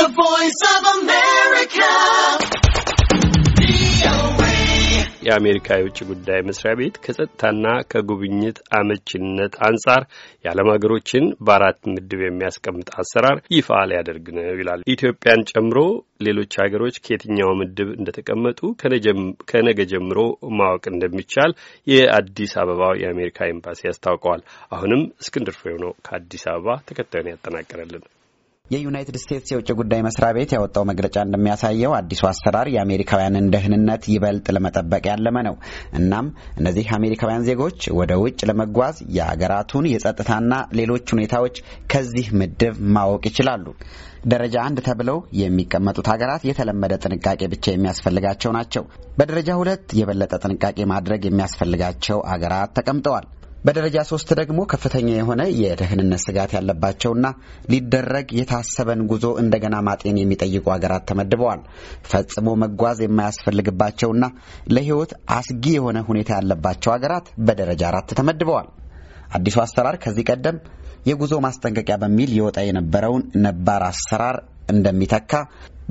The Voice of America. የአሜሪካ የውጭ ጉዳይ መስሪያ ቤት ከጸጥታና ከጉብኝት አመችነት አንጻር የዓለም ሀገሮችን በአራት ምድብ የሚያስቀምጥ አሰራር ይፋ ሊያደርግ ነው ይላል። ኢትዮጵያን ጨምሮ ሌሎች ሀገሮች ከየትኛው ምድብ እንደተቀመጡ ከነገ ጀምሮ ማወቅ እንደሚቻል የአዲስ አበባው የአሜሪካ ኤምባሲ አስታውቀዋል። አሁንም እስክንድር ፍሬው ነው ከአዲስ አበባ ተከታዩን ያጠናቀረልን። የዩናይትድ ስቴትስ የውጭ ጉዳይ መስሪያ ቤት ያወጣው መግለጫ እንደሚያሳየው አዲሱ አሰራር የአሜሪካውያንን ደህንነት ይበልጥ ለመጠበቅ ያለመ ነው። እናም እነዚህ አሜሪካውያን ዜጎች ወደ ውጭ ለመጓዝ የሀገራቱን የጸጥታና ሌሎች ሁኔታዎች ከዚህ ምድብ ማወቅ ይችላሉ። ደረጃ አንድ ተብለው የሚቀመጡት ሀገራት የተለመደ ጥንቃቄ ብቻ የሚያስፈልጋቸው ናቸው። በደረጃ ሁለት የበለጠ ጥንቃቄ ማድረግ የሚያስፈልጋቸው አገራት ተቀምጠዋል። በደረጃ ሶስት ደግሞ ከፍተኛ የሆነ የደህንነት ስጋት ያለባቸውና ሊደረግ የታሰበን ጉዞ እንደገና ማጤን የሚጠይቁ ሀገራት ተመድበዋል። ፈጽሞ መጓዝ የማያስፈልግባቸውና ለሕይወት አስጊ የሆነ ሁኔታ ያለባቸው ሀገራት በደረጃ አራት ተመድበዋል። አዲሱ አሰራር ከዚህ ቀደም የጉዞ ማስጠንቀቂያ በሚል የወጣ የነበረውን ነባር አሰራር እንደሚተካ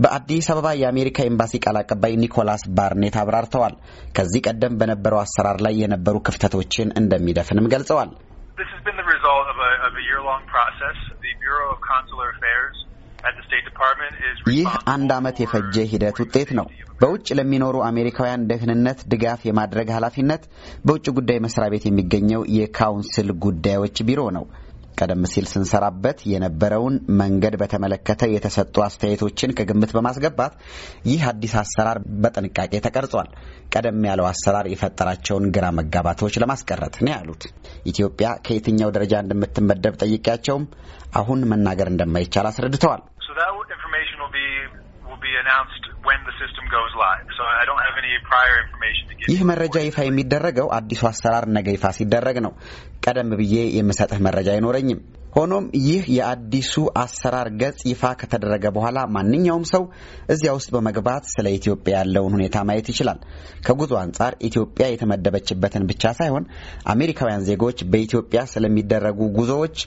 በአዲስ አበባ የአሜሪካ ኤምባሲ ቃል አቀባይ ኒኮላስ ባርኔት አብራርተዋል። ከዚህ ቀደም በነበረው አሰራር ላይ የነበሩ ክፍተቶችን እንደሚደፍንም ገልጸዋል። ይህ አንድ ዓመት የፈጀ ሂደት ውጤት ነው። በውጭ ለሚኖሩ አሜሪካውያን ደህንነት ድጋፍ የማድረግ ኃላፊነት በውጭ ጉዳይ መስሪያ ቤት የሚገኘው የካውንስል ጉዳዮች ቢሮ ነው። ቀደም ሲል ስንሰራበት የነበረውን መንገድ በተመለከተ የተሰጡ አስተያየቶችን ከግምት በማስገባት ይህ አዲስ አሰራር በጥንቃቄ ተቀርጿል። ቀደም ያለው አሰራር የፈጠራቸውን ግራ መጋባቶች ለማስቀረት ነው ያሉት። ኢትዮጵያ ከየትኛው ደረጃ እንደምትመደብ ጠይቄያቸውም አሁን መናገር እንደማይቻል አስረድተዋል። ይህ መረጃ ይፋ የሚደረገው አዲሱ አሰራር ነገ ይፋ ሲደረግ ነው። ቀደም ብዬ የምሰጥህ መረጃ አይኖረኝም። ሆኖም ይህ የአዲሱ አሰራር ገጽ ይፋ ከተደረገ በኋላ ማንኛውም ሰው እዚያ ውስጥ በመግባት ስለ ኢትዮጵያ ያለውን ሁኔታ ማየት ይችላል። ከጉዞ አንጻር ኢትዮጵያ የተመደበችበትን ብቻ ሳይሆን አሜሪካውያን ዜጎች በኢትዮጵያ ስለሚደረጉ ጉዞዎች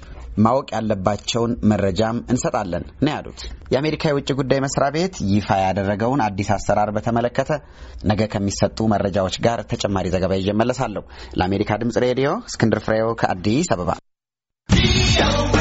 ማወቅ ያለባቸውን መረጃም እንሰጣለን ነው ያሉት። የአሜሪካ የውጭ ጉዳይ መስሪያ ቤት ይፋ ያደረገውን አዲስ አሰራር በተመለከተ ነገ ከሚሰጡ መረጃዎች ጋር ተጨማሪ ዘገባ ይዤ እመለሳለሁ። ለአሜሪካ ድምጽ ሬዲዮ እስክንድር ፍሬው ከአዲስ አበባ don't